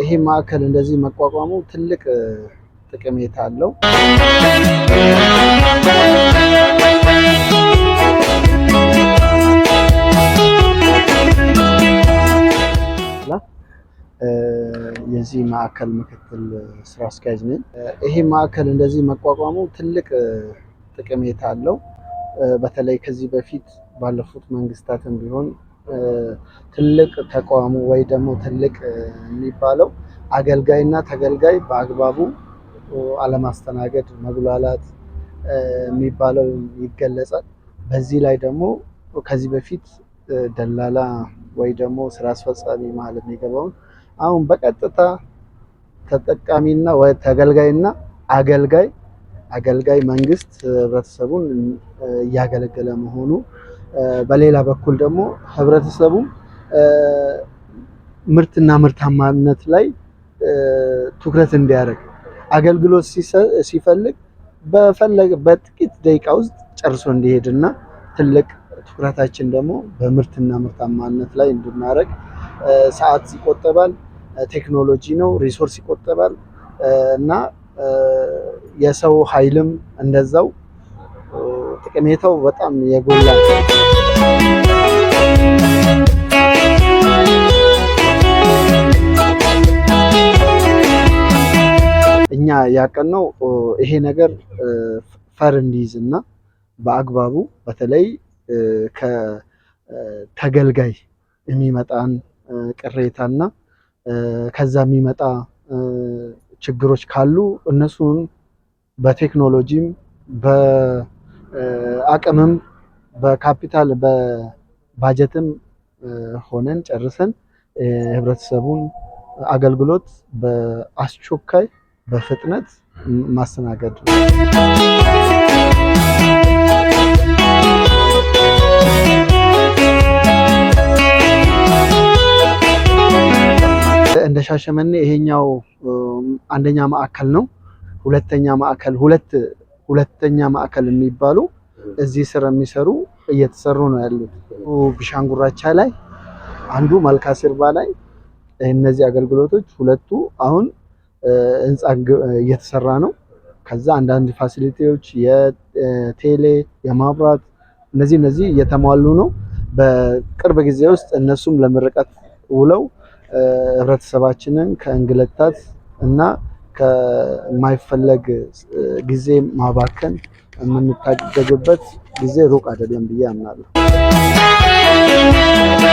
ይሄ ማዕከል እንደዚህ መቋቋሙ ትልቅ ጥቅሜታ አለው። የዚህ ማዕከል ምክትል ስራ አስኪያጅ ነኝ። ይሄ ማዕከል እንደዚህ መቋቋሙ ትልቅ ጥቅሜታ አለው። በተለይ ከዚህ በፊት ባለፉት መንግስታትም ቢሆን ትልቅ ተቋሙ ወይ ደግሞ ትልቅ የሚባለው አገልጋይና ተገልጋይ በአግባቡ አለማስተናገድ መጉላላት የሚባለው ይገለጻል። በዚህ ላይ ደግሞ ከዚህ በፊት ደላላ ወይ ደግሞ ስራ አስፈጻሚ መሀል የሚገባውን አሁን በቀጥታ ተጠቃሚና ተገልጋይና አገልጋይ አገልጋይ መንግስት ህብረተሰቡን እያገለገለ መሆኑ በሌላ በኩል ደግሞ ህብረተሰቡም ምርትና ምርታማነት ላይ ትኩረት እንዲያደርግ አገልግሎት ሲፈልግ በፈለገ በጥቂት ደቂቃ ውስጥ ጨርሶ እንዲሄድና ትልቅ ትኩረታችን ደግሞ በምርትና ምርታማነት ላይ እንድናደርግ ሰዓት ይቆጠባል፣ ቴክኖሎጂ ነው፣ ሪሶርስ ይቆጠባል እና የሰው ኃይልም እንደዛው ጠቀሜታው በጣም የጎላ እኛ ያቀነው ይሄ ነገር ፈር እንዲይዝ እና በአግባቡ በተለይ ከተገልጋይ የሚመጣን ቅሬታና ከዛ የሚመጣ ችግሮች ካሉ እነሱን በቴክኖሎጂም አቅምም በካፒታል በባጀትም ሆነን ጨርሰን የህብረተሰቡን አገልግሎት በአስቸኳይ በፍጥነት ማስተናገድ እንደ ሻሸመኔ ይሄኛው አንደኛ ማዕከል ነው። ሁለተኛ ማዕከል ሁለት ሁለተኛ ማዕከል የሚባሉ እዚህ ስራ የሚሰሩ እየተሰሩ ነው ያሉት። ቢሻንጉራቻ ላይ አንዱ መልካ ሲርባ ላይ እነዚህ አገልግሎቶች ሁለቱ አሁን ህንፃ እየተሰራ ነው። ከዛ አንዳንድ ፋሲሊቲዎች የቴሌ የማብራት እነዚህ እነዚህ እየተሟሉ ነው። በቅርብ ጊዜ ውስጥ እነሱም ለምርቀት ውለው ህብረተሰባችንን ከእንግልታት እና ከማይፈለግ ጊዜ ማባከን የምንታደግበት ጊዜ ሩቅ አይደለም ብዬ አምናለሁ።